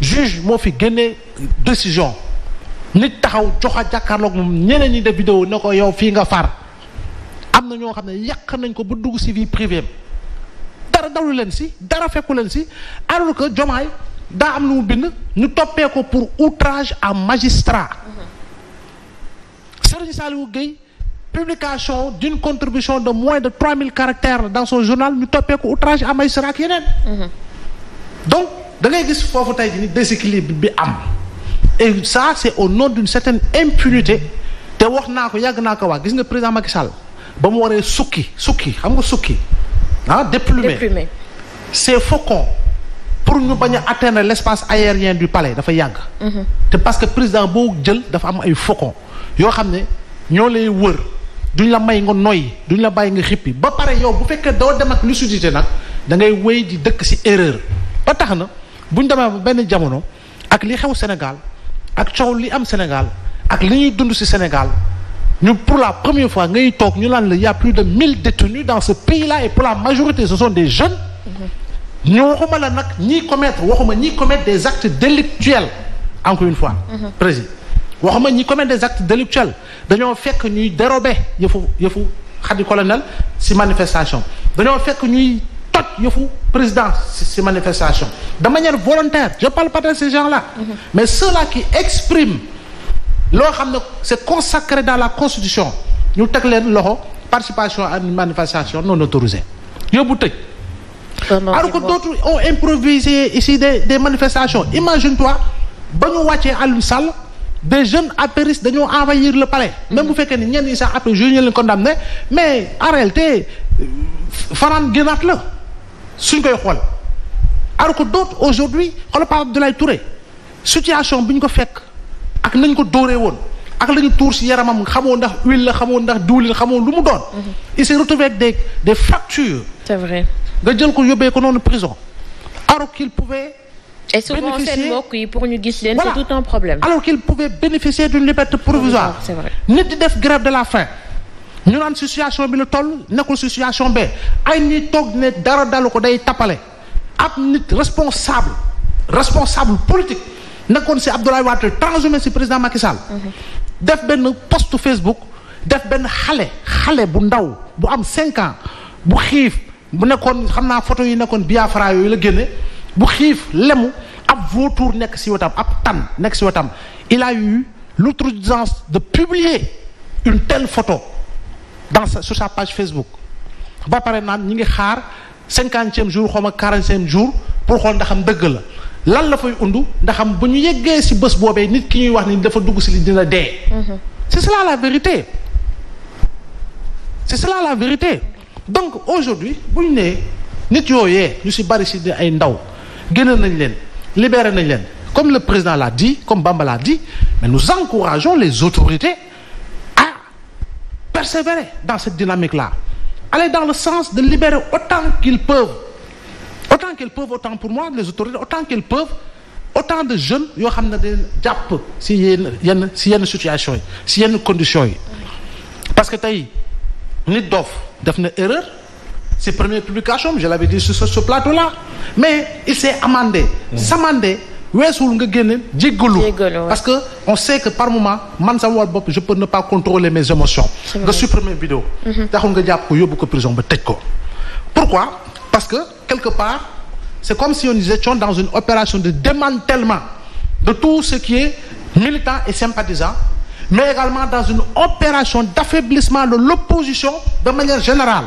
juge moo fi génnee décision nit taxaw jox a jàkkaarloog moom ñeneen ñi def vidéo ne ko yow fii nga far am na ñoo xam ne yàq nañ ko bu dugg ci vie privée dara dawlu leen si dara fekku leen si alors que Diomaye daa am lu mu bind ñu toppee ko pour outrage à magistrat Serigne Saliou Gueye publication d'une contribution de moins de 3000 caractères dans son journal ñu toppee ko outrage à magistrat ak yeneen mhm. da ngay gis foofu tey ji ni déséquilibre bi am et ça est au nom d' une certaine impunité te wax naa ko yàgg naa ko wax gis nga président Macky Sall ba mu waree sukki sukki xam nga sukki ah déplumer ces faucons pour ñu bañ a atteindre l' espace aérien du palais dafa yàgg mhm. te parce que président boo jël dafa am ay faucons yoo xam ne ñoo lay wër duñ la may nga noyyi duñ la bàyyi nga xippi ba pare yow bu fekkee doo dem ak lucidité nag da ngay wéy di dëkk ci erreur ba na bu ñu demee ba benn jamono ak li xew Sénégal ak coow li am Sénégal ak li ñuy dund ci Sénégal ñu pour la première fois ngay toog ñu naan la y a plus de mille détenus dans ce pays là et pour la majorité ce sont des jeunes. Mhm. ñu waxuma la nag ñiy commettre waxuma ñiy commettre des actes délictuels encore une fois. Mhm. président waxuma ñi commettre des actes délictuels dañoo fekk ñuy dérober yëfu yëfu xadi colonel ci manifestation dañoo fekk ñuy. toj yëfu président si manifestation de manière volontaire je parle pas de ces gens-là mm-hmm. mais ceux-là qui expriment loo xam ne c'est consacré dans la constitution ñu teg leen loxo participation à une manifestation non autorisée yóbbu tëj alors que d'autres ont improvisé ici des des manifestations imagine-toi ba ñu wàccee Aliou Sall des jeunes apéristes dañoo envahir le palais même mm-hmm. bu fekkee ni ñenn ñi sax après juge ñu leen condamné mais en réalité euh, fanaan la suñ koy xool alors que d'autres aujourd'hui xoolal Pape Abdoulaye Touré situation bi ñu ko fekk ak nañ ko dooree woon ak la ñu tuur ci yaramam xamoo ndax huile la xamoo ndax diwlin xamoo lu mu doon. Mhm. il s'est retrouvé avec des des fractures. nga jël ko yóbbee ko noonu prison alors qu'il pouvait. et souvent seen liberté provisoire. nit di def grève de la faim. ñu naan situation bi la toll nekkul situation be ay ni toog ne dara dalu ko day tappale ab nit responsable responsable politique nekkoon si Abdoulaye Wade transhumé si président Macky Sall. Mhm. def benn post Facebook def benn xale xale bu ndaw bu am cinq ans bu xiif bu nekkoon xam naa photo yi nekkoon Biafra yooyu la génne bu xiif lemu ab vautour nekk si wetam ab tan nekk si wetam il a eu l'outrecuidance de publier une telle photo. dans sa sur sa page Facebook ba pare naan ñi ngi xaar cinquantième jour xaw ma quarantième jour pour xool ndaxam dëgg la lan la fay undu ndaxam bu ñu yeggee si bés boobee nit ki ñuy wax ni dafa dugg ci li dina dee. Mhm. c'est cela la vérité c'est cela la vérité donc aujourd'hui bu ñu nee nit yooyee ñu si bari ci ay ndaw génne nañ leen libéré nañ leen comme le président l'a dit comme Bamba l'a dit mais nous encourageons les autorités. persévérer dans cette dynamique-là. Aller dans le sens de libérer autant qu'ils peuvent. Autant qu'ils peuvent, autant pour moi, les autorités, autant qu'ils peuvent, autant de jeunes yoo xam ne dañ jàpp si yenn yenn si yenn situation yi si yenn conditions yi parce que tey nit doof def na erreur ses premières publications je l'avais dit sur ce plateau là mais il s'est amendé weesuwul nga génne jéggalu parce que on sait que par moment man sama war bopp je peux ne pas contrôler mes émotions nga supprimer vidéo mhm. taxul nga jàpp ko yóbbu ko prison ba tëj ko pourquoi parce que quelque part c'est comme si nous étions dans une opération de démantèlement de tout ce qui est militant et sympathisant mais également dans une opération d'affaiblissement de l'opposition de manière générale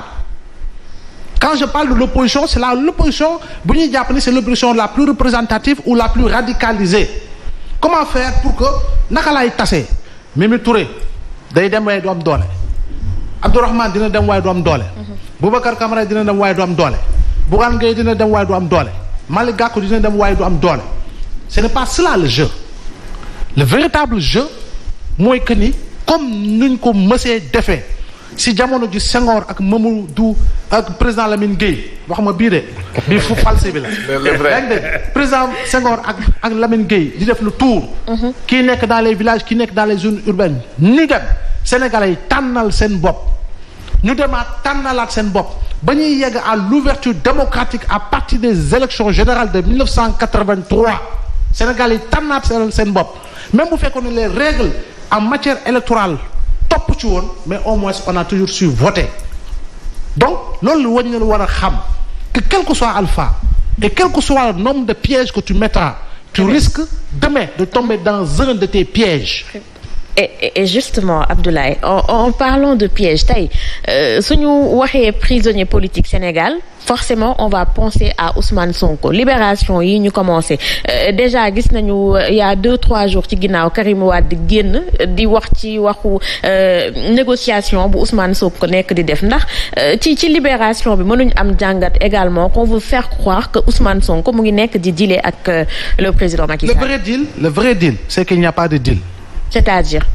quand je parle de l'opposition c'est la l'opposition bu ñuy jàpp ni c'est l'opposition la plus représentative ou la plus radicalisée comment faire pour que naka laay tasee Mimi Touré day dem waaye du am doole Abdourahmane dina dem waaye du am doole mhm. Boubacar Camara dina dem waaye du am doole Bougane Gueye dina dem waaye du am doole Malick Gakou dina dem waaye du am doole ce n'est pas cela le jeu le véritable jeu mooy que ni comme nuñ ko mësee defee si jamono ji Senghor ak président Lamine Guèye wax ma bii de bii fu falsi bi la yaa ngi ak ak Lamine Guèye di def lu tour mhm. kii nekk dans les villages ki nekk dans les zones urbaines ni dem Sénégalais yi tànnal seen bopp ñu demaat tànnalaat seen bopp ba ñuy yegg à l'ouverture démocratique à partir des élections générales de 1983 Sénégalais yi tànnaat seen bopp même bu fekkoon ne les règles en matière électorale topp ci woon mais au moins on a toujours su voter donc loolu wañ na lu war a xam que soit alpha et quel que soit le nombre de pièges que tu mettras tu risques demain de tomber dans un de tes pièges et justement Abdoulaye en, en parlant de piège tey euh, suñu waxee prisonnier politique Sénégal forcément on va penser à Ousmane Sonko libération yi ñu commencé euh, déjà gis nañu euh, y a deux trois jours ci ginnaaw Karim di génn di wax ci waxu négociation bu Ousmane Sonko nekk di def ndax ci ci libération bi mënuñ am jàngat également qu'on veut faire croire que Ousmane Sonko mu ngi nekk di dealer ak le président Macky le vrai deal c'est qu'il n'y a pas de deal. c'est-à-dire.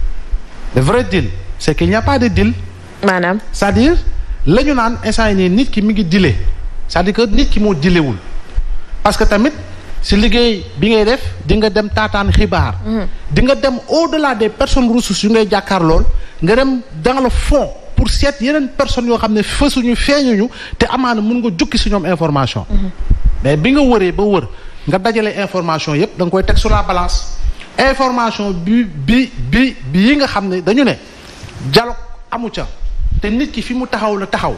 le vrai deal c'est maanaam cest la ñu naan instant yii nii nit ki mi ngi dile c'est-à-dire que nit ki moo dilewul parce que tamit si liggéey bi ngay def di nga dem taataan xibaar. Mhm. di nga dem au-delà des personnes ressources yu ngay jàkkaar lool nga dem dans la fond pour set yeneen personne yoo xam ne fësuñu feeñuñu te amaana mun nga jukki si ñoom information. Mhm. mais bi nga wëree ba wër nga dajale information yépp da nga koy teg sur la balance. information bi bi bi bi yi nga xam ne dañu ne dialogue amu ca te nit ki fi mu taxaw la taxaw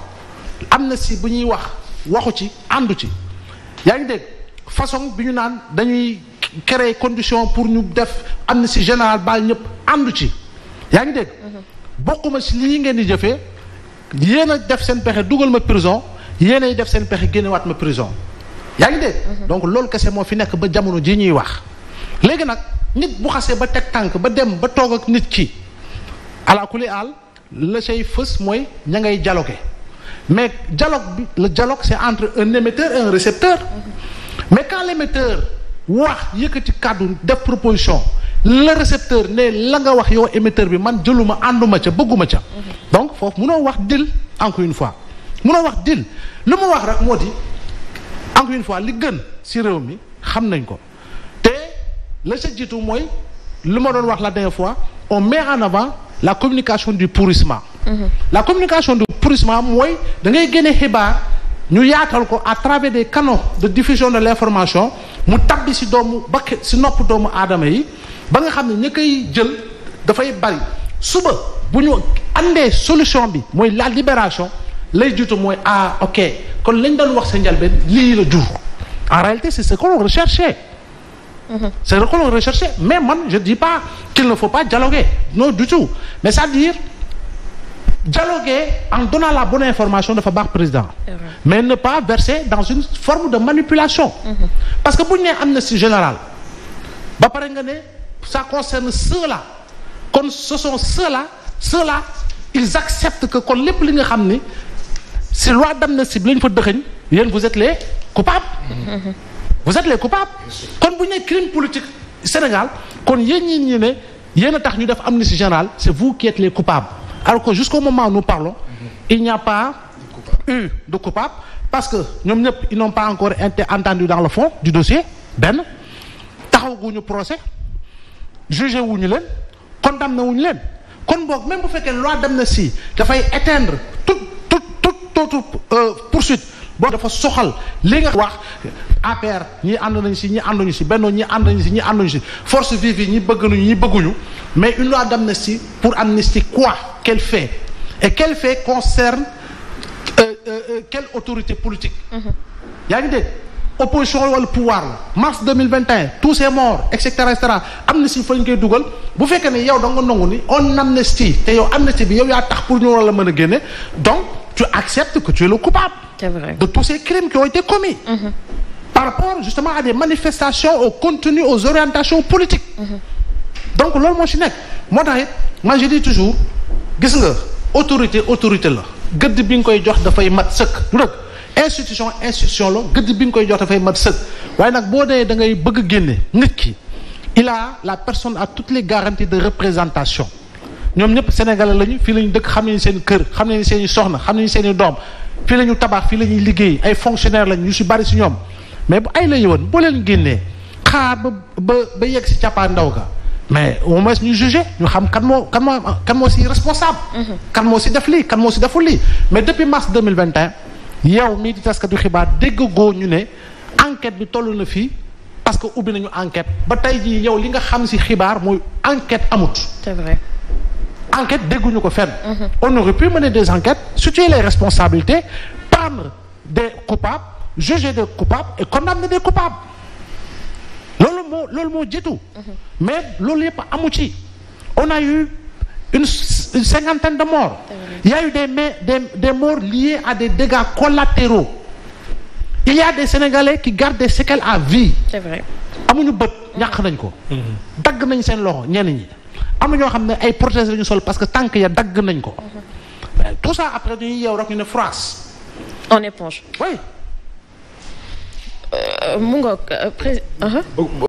am na si bu ñuy wax waxu ci àndu ci yaa ngi dégg façon bi ñu naan dañuy créer condition pour ñu def am na si général baal ñëpp àndu ci yaa ngi dégg mhm. bokkuma si lii ngeen di jëfee yéen a def seen pexe dugal ma prison yéen ay def seen pexe génnewaat ma prison yaa ngi dégg mhm. donc loolu kese moo fi nekk ba jamono ji ñuy wax léegi nag nit bu xasee ba teg tànk ba dem ba toog ak nit ki alakuli àll la say fës mooy ña ngay dialoguer mais dialogue bi le dialogue c'est entre un émetteur et un récepteur mais quand l'émetteur wax yëkkati kàddu def proposition le récepteur ne la nga wax yow émetteur bi man jëluma ànduma ca bëgguma ca donc foofu munoo wax dil encore une fois munoo wax dil lu mu wax rek moo di encore une fois li gën ci réew mi xam nañ ko la ca jiitu mooy lu ma doon wax la dernière fois on met en avant la communication du pourrissement mm-hmm. la communication du pourrissement mooy da ngay génne xibaar ñu yaatal ko à travers des canaux de diffusion de l'information mu tabbi si doomu ba si nopp doomu aadama yi ba nga xam ne ñi koy jël dafay bari suba bu ñu andee solution bi mooy la libération lay jiitu mooy ah ok kon lañ doon wax sa njëlbeen lii la jur en réalité c'est ce qu'on Mhm. c'est le colon recherché mais man je dis pas qu'il ne faut pas dialoguer non du tout mais c'est-à-dire dialoguer en donnant la bonne information dafa baax président mais ne pas verser dans une forme de manipulation mhm. parce que bu ñu nee amnistie générale ba pare nga ne ça concerne ceux-là kon ce sont ceux ils acceptent que kon lépp li nga xam ni si loi d'amnistie bi la ñu fa dëxëñ yen vous êtes les coupables mhm. vous êtes les coupables kon bu ñu crime politique Sénégal kon yéen ñi ñi ne yéen a tax ñu def amnistie générale c'est vous qui êtes les coupables alors que jusqu'au moment où nous parlons il n'y a pas eu de coupable parce que ñoom ñëpp ils n'ont pas encore été entendus dans le fond du dossier benn taxawaguñu procès jugé wuñu leen condamné wuñu leen kon boog même bu fekkee loi d'amnistie dafay éteindre toute toute toute euh, poursuite boo dafa soxal li nga wax APR ñi ànd nañ si ñi ànduñu si Benno ñi ànd nañ si ñi ànduñu si force vive yi ñi bëgg nañu ñi bëgguñu mais une loi d'amnistie pour amnistie quoi quel fait et quel fait concerne euh, euh, euh, quelle autorité politique mm-hmm. yaa ngi dégg opposition wala pouvoir la mars 2021 tous ces morts et cetera et cetera amnistie fa ñu koy dugal bu fekkee ne yow da nga nangu ni on amnistie te yow amnistie bi yow yaa tax pour ñu war la mën a génne donc tu acceptes que tu es le coupable. par rapport justement à des manifestations au contenu aux orientations politiques mhm. donc loolu moo si nekk moo tax yi moi je toujours gis nga autorité autorité la gëdd bi nga koy jox dafay mat sëkk lu dëkk institution institution la gëdd bi nga koy jox dafay mat sëkk waaye nag boo dee da ngay bëgg génne nit ki il a la personne a toutes les garanties de représentation ñoom ñëpp sénégalais lañu fii la dëkk xam nañu seen kër xam ñu seen i soxna xam nañu seen i doom fii la ñu tabax fii la ñuy liggéey ay fonctionnaires lañ ñu si bari si ñoom mais bu ay la ñu woon boo leen génnee xaar ba ba ba yegg si càppaa ndaw ga mais au moins ñu jugé ñu xam kan moo kan moo si responsable mhm. kan moo si def lii kan moo si deful lii mais depuis mars 2021 yow mii di taskatu xibaar dégg goo ñu ne enquête bi toll na fii parce que ubbi nañu enquête ba tey jii yow li nga xam si xibaar mooy enquête amut c'est vrai enquête dégguñu ko fenn mhm. on aurait pu mener des enquêtes situer les responsabilité prendre des coupables juger des coupables et condamner des coupables loolu moo loolu moo jiitu mhm. mais loolu yëpp amu ci on a eu une cinquantaine de morts il y a eu des des des morts liés à des dégâts collatéraux il y a des Sénégalais qui gardent des séquelles à vie c'est vrai amuñu bët ñàkk nañ ko mhm. dagg nañ seen loxo ñenn ñi am na ñoo xam ne ay prothèses lañu sol parce que tànk ya dagg nañ ko mhm. tout ça après dañuy yeew rek ñu France on éponge mu ngoog président.